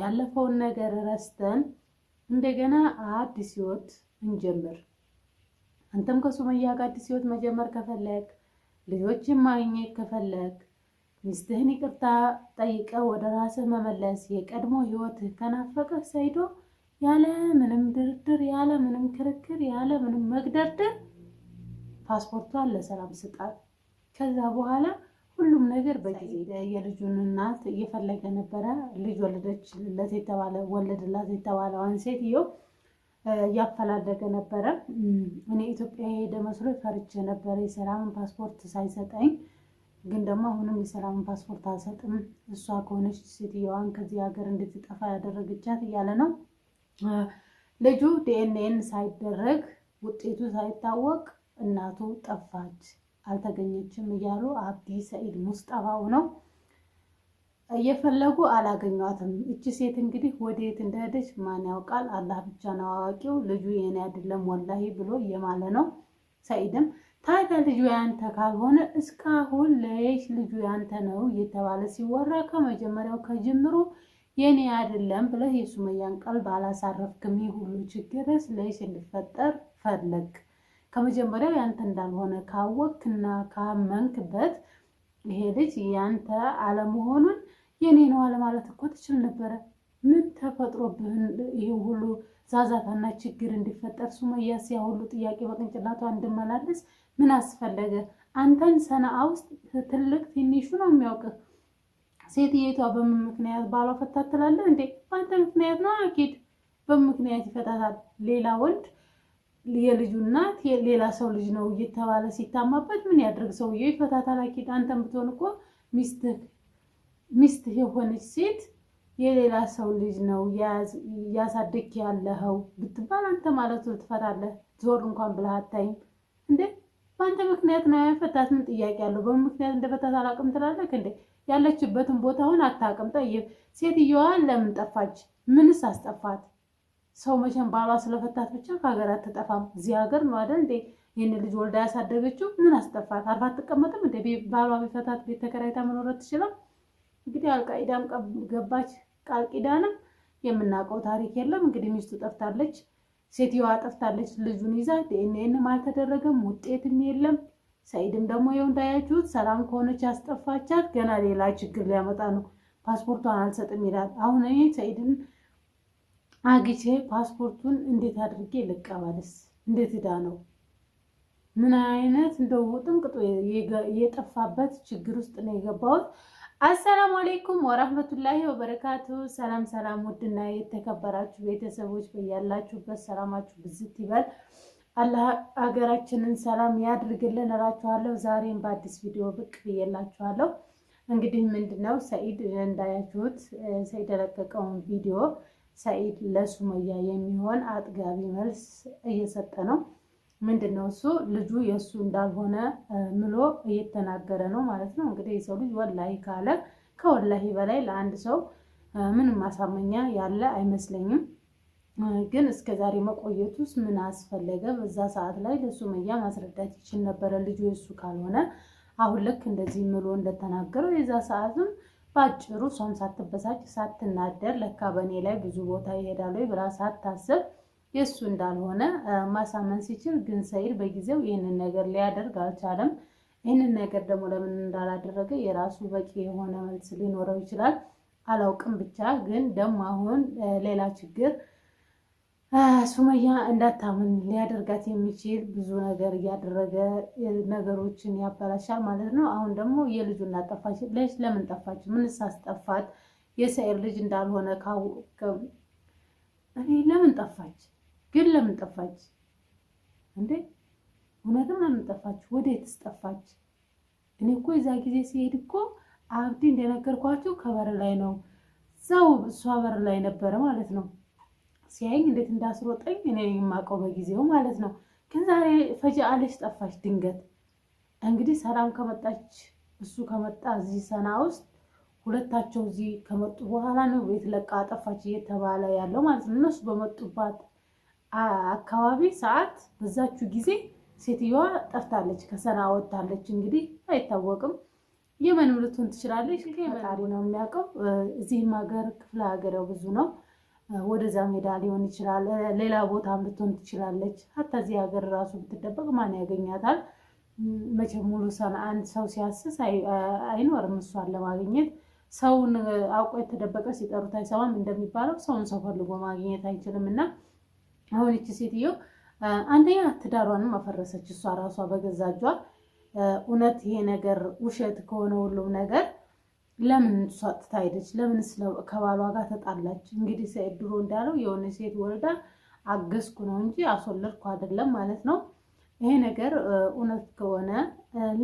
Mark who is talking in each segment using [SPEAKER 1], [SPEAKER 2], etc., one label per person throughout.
[SPEAKER 1] ያለፈውን ነገር ረስተን እንደገና አዲስ ህይወት እንጀምር። አንተም ከሱመያ ጋር አዲስ ህይወት መጀመር ከፈለግ፣ ልጆችን ማግኘት ከፈለግ፣ ሚስትህን ይቅርታ ጠይቀ ወደ ራስህ መመለስ፣ የቀድሞ ህይወትህ ከናፈቀህ ሰይዶ ያለ ምንም ድርድር፣ ያለ ምንም ክርክር፣ ያለ ምንም መግደርድር ፓስፖርቷን ለሰላም ስጣት። ከዛ በኋላ ሁሉም ነገር በጊዜ የልጁን እናት እየፈለገ ነበረ። ልጅ ወለደችለት የተባለ ወለድላት የተባለዋን ሴትዮ እያፈላለገ ነበረ። እኔ ኢትዮጵያ የሄደ መስሎ ፈርቼ ነበረ የሰላምን ፓስፖርት ሳይሰጠኝ። ግን ደግሞ አሁንም የሰላምን ፓስፖርት አልሰጥም እሷ ከሆነች ሴትየዋን ከዚህ ሀገር እንድትጠፋ ያደረገቻት እያለ ነው ልጁ። ዲኤንኤን ሳይደረግ ውጤቱ ሳይታወቅ እናቱ ጠፋች። አልተገኘችም እያሉ አብዲ ሰኢድ ሙስጠፋው ነው እየፈለጉ አላገኟትም። እቺ ሴት እንግዲህ ወዴት እንደሄደች ማን ያውቃል? አላህ ብቻ ነው አዋቂው። ልጁ የኔ አይደለም ወላሂ ብሎ እየማለ ነው። ሰኢድም ታዲያ ልጁ ያንተ ካልሆነ እስካሁን ለይሽ ልጁ ያንተ ነው እየተባለ ሲወራ ከመጀመሪያው ከጅምሩ የኔ አይደለም ብለህ የሱመያን ቀልብ አላሳረፍክም። ይህ ሁሉ ችግርስ ለይሽ እንዲፈጠር ፈለግ ከመጀመሪያው ያንተ እንዳልሆነ ካወቅክና ካመንክበት ይሄ ልጅ ያንተ አለመሆኑን የኔ ነው አለማለት እኮ ትችል ነበረ። ምን ተፈጥሮብህን ይህ ሁሉ ዛዛታና ችግር እንዲፈጠር ሱመያስ ያ ሁሉ ጥያቄ በቅንጭላቷ እንድመላለስ ምን አስፈለገ? አንተን ሰነአ ውስጥ ትልቅ ትንሹ ነው የሚያውቅህ። ሴትዮቷ በምን ምክንያት ባሏ ፈታት ትላለህ እንዴ? በአንተ ምክንያት ነው። አኪድ በምን ምክንያት ይፈታታል? ሌላ ወንድ የልጁ እናት ሌላ ሰው ልጅ ነው እየተባለ ሲታማበት ምን ያድርግ ሰውዬው? ይፈታታል። አኪድ አንተም ብትሆን እኮ ሚስት የሆነች ሴት የሌላ ሰው ልጅ ነው እያሳደግክ ያለኸው ብትባል አንተ ማለቱ ትፈታለህ? ዞር እንኳን ብለህ አታይም እንዴ? በአንተ ምክንያት ነው ያፈታት። ምን ጥያቄ አለው? በምን ምክንያት እንደፈታት አላውቅም ትላለህ እንዴ? ያለችበትን ቦታውን አታውቅም። ጠይቅ ሴትየዋ ለምን ጠፋች? ምንስ አስጠፋት? ሰው መቼም ባሏ ስለፈታት ብቻ ከሀገር አትጠፋም። እዚህ ሀገር ነው አይደል እንዴ ይህን ልጅ ወልዳ ያሳደገችው። ምን አስጠፋት? አርፋ አትቀመጥም እንደ ባሏ ቢፈታት ቤት ተከራይታ መኖር ትችላል። እንግዲህ አልቃኢዳም ገባች፣ ቃል ቂዳንም የምናውቀው ታሪክ የለም። እንግዲህ ሚስቱ ጠፍታለች፣ ሴትዮዋ ጠፍታለች። ልጁን ይዛ ዲኤንኤንም አልተደረገም፣ ውጤትም የለም። ሰይድም ደግሞ ይኸው እንዳያችሁት ሰላም ከሆነች ያስጠፋቻት ገና ሌላ ችግር ሊያመጣ ነው። ፓስፖርቷን አልሰጥም ይላል። አሁን ሰይድን አግቼ ፓስፖርቱን እንዴት አድርጌ ልቀበልስ? እንዴት እዳ ነው? ምን አይነት እንደው ጥንቅጦ የጠፋበት ችግር ውስጥ ነው የገባሁት። አሰላሙ አሌይኩም ወራህመቱላሂ ወበረካቱ። ሰላም ሰላም፣ ውድና የተከበራችሁ ቤተሰቦች በያላችሁበት ሰላማችሁ ብዝት ይበል። አላህ ሀገራችንን ሰላም ያድርግልን እላችኋለሁ። ዛሬም በአዲስ ቪዲዮ ብቅ ብዬላችኋለሁ። እንግዲህ ምንድነው ሰኢድ እንዳያችሁት ሰኢድ የለቀቀውን ቪዲዮ ሰኢድ ለሱመያ የሚሆን አጥጋቢ መልስ እየሰጠ ነው። ምንድን ነው እሱ ልጁ የእሱ እንዳልሆነ ምሎ እየተናገረ ነው ማለት ነው። እንግዲህ የሰው ልጅ ወላሂ ካለ ከወላሂ በላይ ለአንድ ሰው ምንም ማሳመኛ ያለ አይመስለኝም። ግን እስከ ዛሬ መቆየቱስ ምን አስፈለገ? በዛ ሰዓት ላይ ለሱመያ ማስረዳት ይችል ነበረ ልጁ የእሱ ካልሆነ። አሁን ልክ እንደዚህ ምሎ እንደተናገረው የዛ ሰዓትም በአጭሩ እሷም ሳትበሳጭ ሳትናደር ለካ በእኔ ላይ ብዙ ቦታ ይሄዳሉ ብላ ሳታስብ የእሱ እንዳልሆነ ማሳመን ሲችል ግን ሰይድ በጊዜው ይህንን ነገር ሊያደርግ አልቻለም። ይህንን ነገር ደግሞ ለምን እንዳላደረገ የራሱ በቂ የሆነ መልስ ሊኖረው ይችላል። አላውቅም ብቻ ግን ደግሞ አሁን ሌላ ችግር ሱመያ እንዳታምን ሊያደርጋት የሚችል ብዙ ነገር እያደረገ ነገሮችን ያበላሻል ማለት ነው። አሁን ደግሞ የልጁ እናት ጠፋች። ለምን ጠፋች? ምንስ አስጠፋት? የሰኢር ልጅ እንዳልሆነ ካወቀ እኔ ለምን ጠፋች? ግን ለምን ጠፋች እንዴ? እውነትም ለምን ጠፋች? ወዴትስ ጠፋች? እኔ እኮ የዛ ጊዜ ሲሄድ እኮ አብዲ እንደነገርኳችሁ ከበር ላይ ነው፣ ሰው እሷ በር ላይ ነበረ ማለት ነው ሲያይኝ እንዴት እንዳስሮጠኝ እኔ የማውቀው በጊዜው ማለት ነው። ግን ዛሬ ፈጃ አለች ጠፋች ድንገት። እንግዲህ ሰላም ከመጣች እሱ ከመጣ እዚህ ሰና ውስጥ ሁለታቸው እዚህ ከመጡ በኋላ ነው ቤት ለቃ ጠፋች እየተባለ ያለው ማለት ነው። እነሱ በመጡባት አካባቢ ሰዓት በዛችሁ ጊዜ ሴትዮዋ ጠፍታለች፣ ከሰና ወጥታለች። እንግዲህ አይታወቅም የመንም ልትሆን ትችላለች። ፈጣሪ ነው የሚያውቀው። እዚህም ሀገር ክፍለ ሀገር ብዙ ነው ወደዛ ሜዳ ሊሆን ይችላል፣ ሌላ ቦታም ልትሆን ትችላለች። ሀታ እዚህ ሀገር ራሱ ብትደበቅ ማን ያገኛታል? መቼም ሙሉ አንድ ሰው ሲያስስ አይኖርም። እሷን ለማግኘት ሰውን አውቆ የተደበቀ ሲጠሩት አይሰማም እንደሚባለው ሰውን ሰው ፈልጎ ማግኘት አይችልም። እና አሁን ይቺ ሴትዮ አንደኛ ትዳሯንም አፈረሰች እሷ ራሷ በገዛ እጇ። እውነት ይሄ ነገር ውሸት ከሆነ ሁሉም ነገር ለምን እሷ ጥታ ሄደች? ለምን ከባሏ ጋር ተጣላች? እንግዲህ ሰኢድ ድሮ እንዳለው የሆነ ሴት ወልዳ አገዝኩ ነው እንጂ አስወለድኩ አይደለም ማለት ነው። ይሄ ነገር እውነት ከሆነ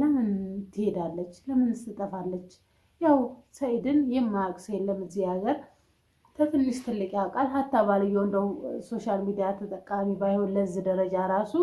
[SPEAKER 1] ለምን ትሄዳለች? ለምን ትጠፋለች? ያው ሰኢድን የማያውቅ ሰው የለም እዚህ ሀገር፣ ከትንሽ ትልቅ ያውቃል። ሀታ ባልየው እንደው ሶሻል ሚዲያ ተጠቃሚ ባይሆን ለዚህ ደረጃ ራሱ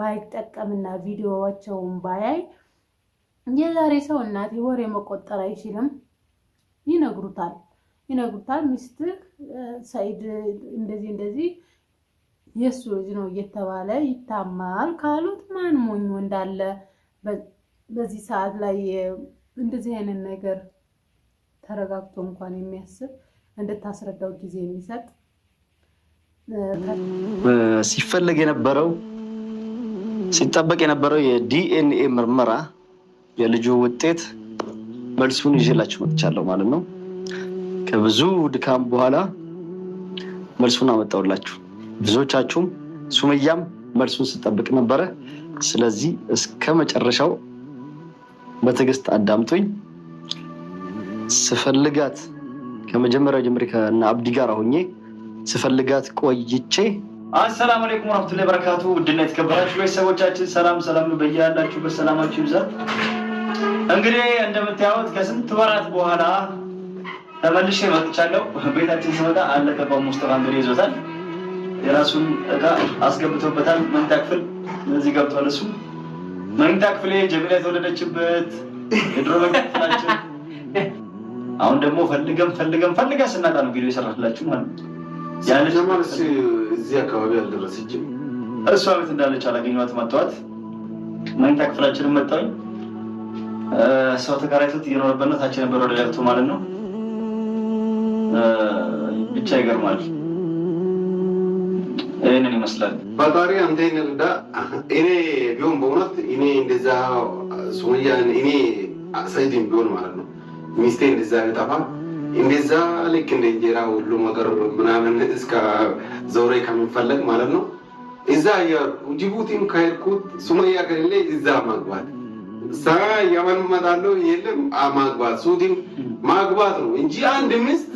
[SPEAKER 1] ባይጠቀምና ቪዲዮዎቸውን ባያይ የዛሬ ሰው እናቴ ወሬ መቆጠር አይችልም። ይነግሩታል ይነግሩታል ሚስትህ ሰኢድ እንደዚህ እንደዚህ የእሱ ልጅ ነው እየተባለ ይታማል ካሉት ማን ሞኝ እንዳለ በዚህ ሰዓት ላይ እንደዚህ አይነት ነገር ተረጋግቶ እንኳን የሚያስብ እንድታስረዳው ጊዜ የሚሰጥ
[SPEAKER 2] ሲፈለግ የነበረው ሲጠበቅ የነበረው የዲኤንኤ ምርመራ የልጁ ውጤት መልሱን ይዤላችሁ መጥቻለሁ ማለት ነው። ከብዙ ድካም በኋላ መልሱን አመጣውላችሁ። ብዙዎቻችሁም ሱመያም መልሱን ስጠብቅ ነበረ። ስለዚህ እስከ መጨረሻው በትዕግስት አዳምጡኝ። ስፈልጋት ከመጀመሪያው ጀምሬ ከእነ አብዲ ጋር ሆኜ ስፈልጋት ቆይቼ አሰላሙ አለይኩም ወራህመቱላሂ ወበረካቱ። ውድና የተከበራችሁ ቤተሰቦቻችን ሰላም ሰላም፣ በያላችሁበት ሰላማችሁ ይብዛል። እንግዲህ እንደምታዩት ከስንት ወራት በኋላ ተመልሼ መጥቻለሁ። ቤታችን ስመጣ አለቀቀው ሙስጠፋ እንግዲህ ይዞታል። የራሱን እቃ አስገብቶበታል። መኝታ ክፍል እነዚህ ገብቷል። እሱ መኝታ ክፍሌ ጀሚላ የተወለደችበት የድሮ መኝታችን። አሁን ደግሞ ፈልገን ፈልገን ፈልጋ ስናጣ ነው ቪዲዮ የሰራችላችሁ ማለት ነው።
[SPEAKER 3] ያለች እዚህ አካባቢ አልደረሰችም።
[SPEAKER 2] እሷ ቤት እንዳለች አላገኘኋትም። አጥተዋት መኝታ ክፍላችንን መጣሁኝ ሰው ተከራይቶት እየኖረበት ነው። ታች የነበረው ወደ ማለት ነው። ብቻ ይገርማል። ይህንን ይመስላል።
[SPEAKER 3] ፈጣሪ አንተ ርዳ። እኔ ቢሆን በእውነት እኔ እንደዛ ሱመያ እኔ ሰይድም ቢሆን ማለት ነው ሚስቴ እንደዛ ቢጠፋ እንደዛ ልክ እንደ እንጀራ ሁሉ ነገር ምናምን እስከ ዘውሬ ከሚፈለግ ማለት ነው እዛ ጅቡቲም ከሄድኩት ሱመያ ከሌለ እዛ ማግባት ሰራ እያባሉ ይመጣሉ። የለም ማግባት ሱዲም ማግባት ነው እንጂ አንድ ሚስት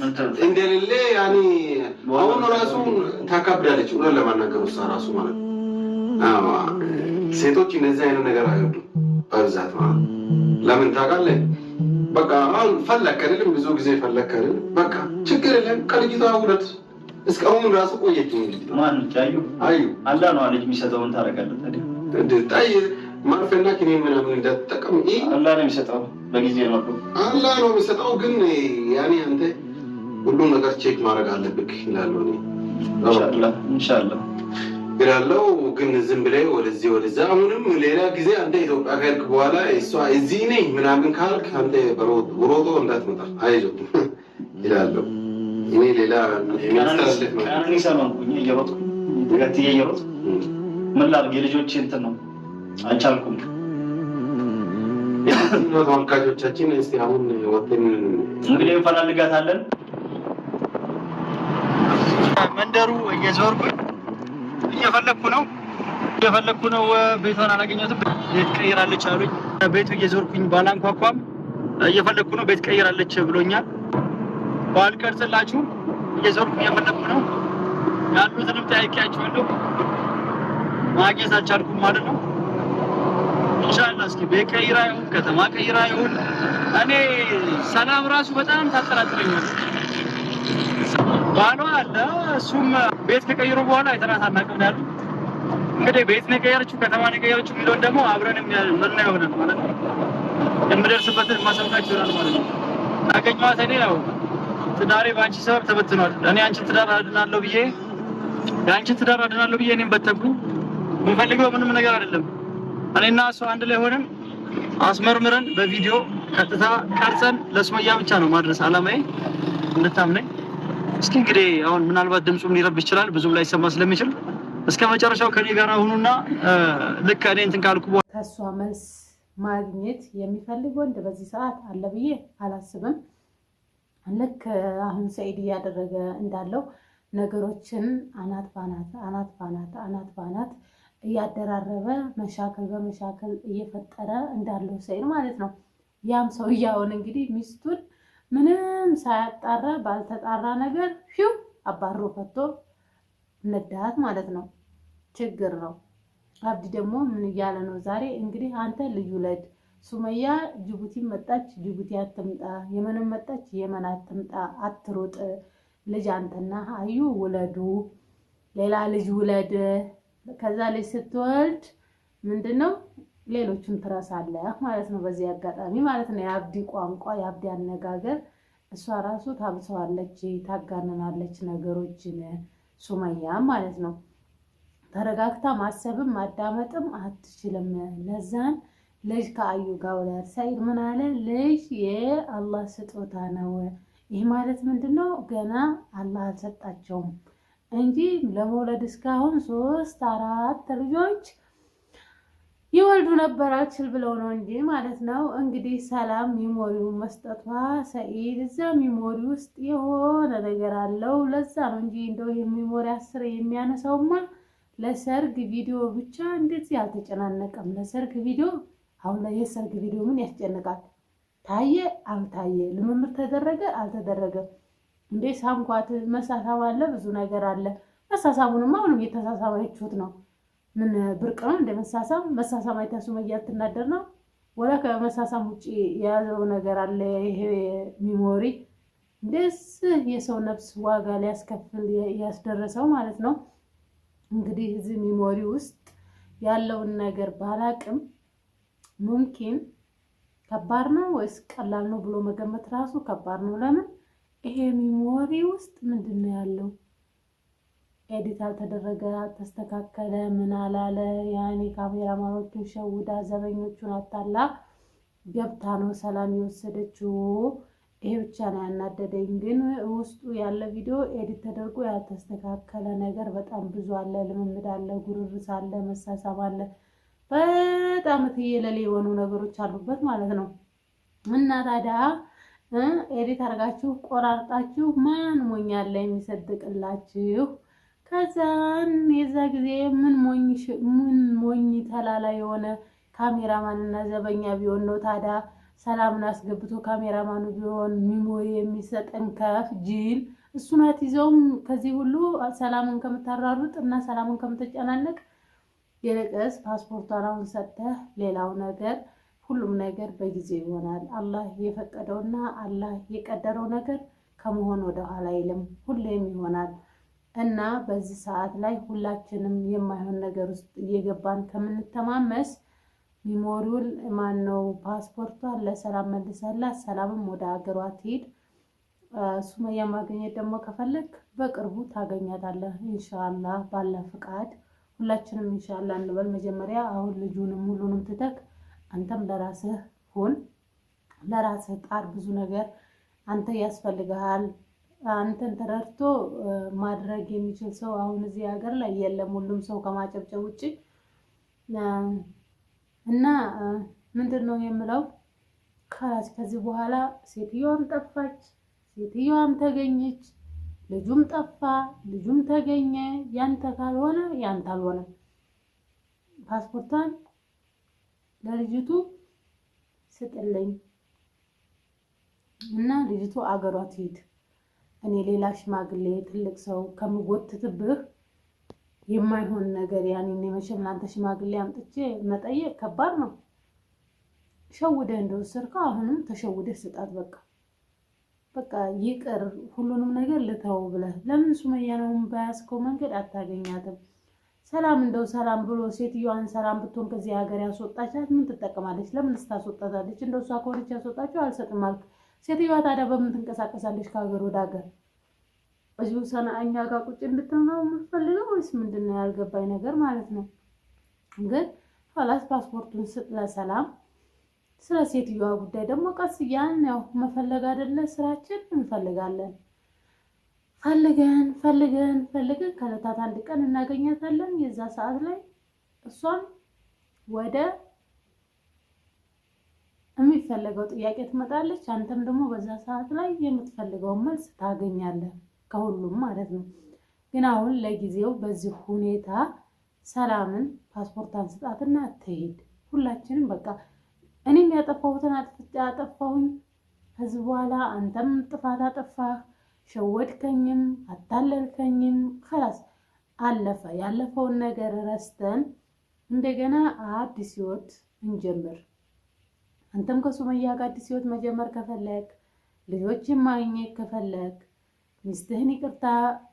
[SPEAKER 3] እንደሌለ ያኔ አሁን ራሱ ታካብዳለች ብሎ ለማናገር ውሳ ራሱ ማለት ነው። ሴቶች እነዚህ አይነት ነገር አይወዱም በብዛት ማለት ለምን ታውቃለህ? በቃ አሁን ፈለክ ብዙ ጊዜ ፈለክ በቃ ችግር የለም ከልጅቷ ውደት እስካሁን ራሱ ቆየች። ልጅ ማን አዩ
[SPEAKER 2] አላ ነው ልጅ የሚሰጠውን ታደርጋለህ
[SPEAKER 3] ታዲያ ማርፈና ክሬም ምናምን እንዳትጠቀም።
[SPEAKER 2] አላህ ነው የሚሰጠው፣ በጊዜ ነው
[SPEAKER 3] አላህ ነው የሚሰጠው። ግን ያኔ አንተ ሁሉም ነገር ቼክ ማድረግ አለብህ ይላለው ኢንሻላህ ይላለው። ግን ዝም ብለህ ወደዚህ ወደዛ፣ አሁንም ሌላ ጊዜ አንተ ኢትዮጵያ ከሄድክ በኋላ እሷ እዚህ ነኝ ምናምን ካልክ አንተ ሮጦ እንዳትመጣ አይዞ ይላለው። እኔ ሌላ
[SPEAKER 2] ሚያስተላልፍ ነው ቀናን ይሰማል እየሮጥኩ ገትዬ እየሮጥኩ ምን ላድርግ የልጆች እንትን ነው አልቻልኩም።
[SPEAKER 3] ተመልካቾቻችን እስቲ አሁን ወጥን
[SPEAKER 2] እንግዲህ እንፈላልጋታለን። መንደሩ እየዞርኩኝ እየፈለግኩ ነው እየፈለግኩ ነው። ቤቷን አላገኘሁትም። ቤት ቀይራለች አሉኝ። ቤቱ እየዞርኩኝ ባላንኳኳም እየፈለግኩ ነው። ቤት ቀይራለች ብሎኛል። ባልቀርጽላችሁም እየዞርኩ እየፈለግኩ ነው። ያሉትንም ጠያቄያቸዋለሁ። ማግኘት አልቻልኩም ማለት ነው። ይቻል እስኪ ቤት ቀይራ ይሁን ከተማ ቀይራ ይሁን እኔ ሰላም ራሱ በጣም ታጠራጥረኛል። ባሏ አለ እሱም ቤት ከቀይሩ በኋላ አይተናት አናውቅም ነው ያሉት። እንግዲህ ቤት ነው የቀየረችው ከተማ ነው የቀየረችው የሚለውን ደግሞ አብረን ምና ይሆናል ማለት ነው። የምደርስበትን ማሰብታችሁ ይሆናል ማለት ነው። አገኘኋት እኔ ያው ትዳሬ በአንቺ ሰበብ ተበትኗል። እኔ አንቺን ትዳር አድናለሁ ብዬ የአንቺን ትዳር አድናለሁ ብዬ እኔም በተንኩ የምፈልገው ምንም ነገር አይደለም። እኔና እሱ አንድ ላይ ሆነን አስመርምረን በቪዲዮ ቀጥታ ቀርጸን ለሱመያ ብቻ ነው ማድረስ አላማዬ፣ እንድታምነኝ። እስኪ እንግዲህ አሁን ምናልባት ድምፁም ሊረብ ይችላል ብዙም ላይ ሰማ ስለሚችል እስከ መጨረሻው ከኔ ጋር ሁኑና ልክ እኔ እንትን ካልኩ
[SPEAKER 1] ከእሷ መልስ ማግኘት የሚፈልግ ወንድ በዚህ ሰዓት አለ ብዬ አላስብም። ልክ አሁን ሰኢድ እያደረገ እንዳለው ነገሮችን አናት ባናት አናት ባናት አናት ባናት እያደራረበ መሻከል በመሻከል እየፈጠረ እንዳለው ሰይድ ማለት ነው። ያም ሰው እያሆን እንግዲህ ሚስቱን ምንም ሳያጣራ ባልተጣራ ነገር ፊው አባሮ ፈቶ ነዳት ማለት ነው። ችግር ነው። አብዲ ደግሞ ምን እያለ ነው ዛሬ? እንግዲህ አንተ ልዩ ለድ ሱመያ ጅቡቲ መጣች፣ ጅቡቲ አትምጣ፣ የመንም መጣች፣ የመን አትምጣ፣ አትሮጥ ልጅ አንተና አዩ ውለዱ፣ ሌላ ልጅ ውለድ ከዛ ልጅ ስትወልድ ምንድን ነው ሌሎቹን ትረሳለህ ማለት ነው። በዚህ አጋጣሚ ማለት ነው የአብዲ ቋንቋ የአብዲ አነጋገር እሷ ራሱ ታብሰዋለች፣ ታጋንናለች ነገሮችን ሱመያ ማለት ነው። ተረጋግታ ማሰብም ማዳመጥም አትችልም። ለዛን ልጅ ከአዩ ጋር ወላድ ሳይድ ምን አለ? ልጅ የአላህ ስጦታ ነው። ይህ ማለት ምንድን ነው? ገና አላህ አልሰጣቸውም እንጂ ለመውለድ እስካሁን ሶስት አራት ልጆች ይወልዱ ነበር አልችል ብለው ነው እንጂ ማለት ነው። እንግዲህ ሰላም ሚሞሪው መስጠቷ ሰኢድ እዛ ሚሞሪ ውስጥ የሆነ ነገር አለው። ለዛ ነው እንጂ እንደው የሚሞሪ አስር የሚያነሳውማ ለሰርግ ቪዲዮ ብቻ እንደዚህ አልተጨናነቀም። ለሰርግ ቪዲዮ አሁን ላይ የሰርግ ቪዲዮ ምን ያስጨንቃል? ታየ አልታየ፣ ልምምር ተደረገ አልተደረገም እንዴ ሳምኳት። መሳሳብ አለ፣ ብዙ ነገር አለ። መሳሳቡንማ አሁንም እየተሳሳባችሁት ነው። ምን ብርቅ ነው እንደ መሳሳብ? መሳሳብ አይታ ሱመያ ትናደር ነው ወላ ከመሳሳም ውጭ የያዘው ነገር አለ። ይሄ ሚሞሪ እንደስ የሰው ነፍስ ዋጋ ሊያስከፍል ያስደረሰው ማለት ነው። እንግዲህ እዚህ ሚሞሪ ውስጥ ያለውን ነገር ባላቅም ሙምኪን ከባድ ነው ወይስ ቀላል ነው ብሎ መገመት ራሱ ከባድ ነው። ለምን ይሄ ሚሞሪ ውስጥ ምንድን ነው ያለው? ኤዲት አልተደረገ፣ አልተስተካከለ፣ ምን አላለ። ያኔ ካሜራማኖቹን ሸውዳ ዘበኞቹን አታላ ገብታ ነው ሰላም የወሰደችው። ይሄ ብቻ ነው ያናደደኝ። ግን ውስጡ ያለ ቪዲዮ ኤዲት ተደርጎ ያልተስተካከለ ነገር በጣም ብዙ አለ። ልምምድ አለ፣ ጉርርስ አለ፣ መሳሳብ አለ። በጣም ትየለሌ የሆኑ ነገሮች አሉበት ማለት ነው እና ታዲያ ኤዲት አርጋችሁ ቆራርጣችሁ ማን ሞኛለ የሚሰድቅላችሁ? ከዛን የዛ ጊዜ ምን ሞኝ ምን ሞኝ ተላላ የሆነ እና ዘበኛ ቢሆን ነው ታዲያ ሰላምን አስገብቶ ካሜራማኑ ቢሆን ሚሞሪ የሚሰጠን ከፍ ጅል እሱናት ይዘውም ከዚህ ሁሉ ሰላምን ከምታራሩጥ እና ሰላምን ከምትጨናነቅ የለቀስ ፓስፖርቷን አሁን ሰጥተህ ሌላው ነገር ሁሉም ነገር በጊዜ ይሆናል። አላህ የፈቀደውና አላህ የቀደረው ነገር ከመሆን ወደ ኋላ አይልም፣ ሁሌም ይሆናል እና በዚህ ሰዓት ላይ ሁላችንም የማይሆን ነገር ውስጥ እየገባን ከምንተማመስ ሚሞሪውን ነው ፓስፖርቷ ለሰላም መልሰላ ሰላምም ወደ ሀገሯ ትሄድ። ሱመያ ማግኘት ደግሞ ከፈለግ በቅርቡ ታገኛታለህ እንሻላ ባለ ፍቃድ ሁላችንም እንሻላ እንበል። መጀመሪያ አሁን ልጁንም ሁሉንም ትተክ አንተም ለራስህ ሁን፣ ለራስህ ጣር። ብዙ ነገር አንተ ያስፈልግሃል። አንተን ተረድቶ ማድረግ የሚችል ሰው አሁን እዚህ ሀገር ላይ የለም። ሁሉም ሰው ከማጨብጨብ ውጭ እና ምንድን ነው የምለው ከራስ ከዚህ በኋላ ሴትዮዋም ጠፋች፣ ሴትዮዋም ተገኘች፣ ልጁም ጠፋ፣ ልጁም ተገኘ። ያንተ ካልሆነ ያንተ አልሆነ ፓስፖርቷን ለልጅቱ ስጥልኝ እና ልጅቱ አገሯ ትሂድ። እኔ ሌላ ሽማግሌ ትልቅ ሰው ከምጎትትብህ የማይሆን ነገር ያኔ መቼም ለአንተ ሽማግሌ አምጥቼ መጠየቅ ከባድ ነው። ሸውደህ እንደወሰድከ አሁንም ተሸውደህ ስጣት። በቃ በቃ ይቅር፣ ሁሉንም ነገር ልተው ብለህ ለምን ሱመያ ሱመያነውን በያዝከው መንገድ አታገኛትም? ሰላም እንደው ሰላም ብሎ ሴትዮዋን ሰላም ብትሆን ከዚህ ሀገር ያስወጣቻት ምን ትጠቀማለች? ለምን ስታስወጣታለች? እንደው እሷ ከሆነች ያስወጣችው አልሰጥም አልክ። ሴትዮዋ ታዲያ በምን ትንቀሳቀሳለች ከሀገር ወደ ሀገር? እዚሁ ሰናእኛ ጋር ቁጭ እንድትሆን ነው የምትፈልገው ወይስ ምንድን ነው ያልገባኝ ነገር ማለት ነው። ግን ኋላስ ፓስፖርቱን ስጥ ለሰላም። ስለ ሴትዮዋ ጉዳይ ደግሞ ቀስ እያልን ያው መፈለግ አይደለ ስራችን እንፈልጋለን ፈልገን ፈልገን ፈልገን ከለታት አንድ ቀን እናገኛታለን። የዛ ሰዓት ላይ እሷም ወደ የሚፈለገው ጥያቄ ትመጣለች። አንተም ደግሞ በዛ ሰዓት ላይ የምትፈልገውን መልስ ታገኛለህ፣ ከሁሉም ማለት ነው። ግን አሁን ለጊዜው በዚህ ሁኔታ ሰላምን ፓስፖርት አንስጣትና አትሄድ። ሁላችንም በቃ እኔም ያጠፋሁትን አጠፋሁኝ። ከዚህ በኋላ አንተም ጥፋት አጠፋህ ሸወድከኝም አታለልከኝም ከላስ አለፈ። ያለፈውን ነገር ረስተን እንደገና አዲስ ህይወት እንጀምር። አንተም ከሱመያ ጋር አዲስ ህይወት መጀመር ከፈለግ፣ ልጆችን ማግኘት ከፈለግ፣ ሚስትህን ይቅርታ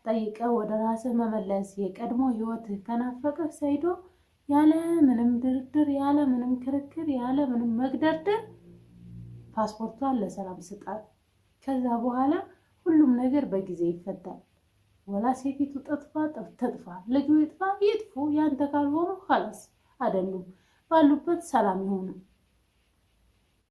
[SPEAKER 1] ጠይቀ ወደ ራስህ መመለስ፣ የቀድሞ ህይወትህ ከናፈቀህ ሰይዶ ያለ ምንም ድርድር፣ ያለ ምንም ክርክር፣ ያለ ምንም መግደርድር ፓስፖርቷን ለሰላም ስጣት። ከዛ በኋላ ሁሉም ነገር በጊዜ ይፈታል። ወላ ሴቲቱ ጠጥፋ ተጥፋ፣ ልጁ ይጥፋ ይጥፉ፣ ያንተ ካልሆኑ ኋላስ አይደሉም ባሉበት ሰላም ይሆኑ።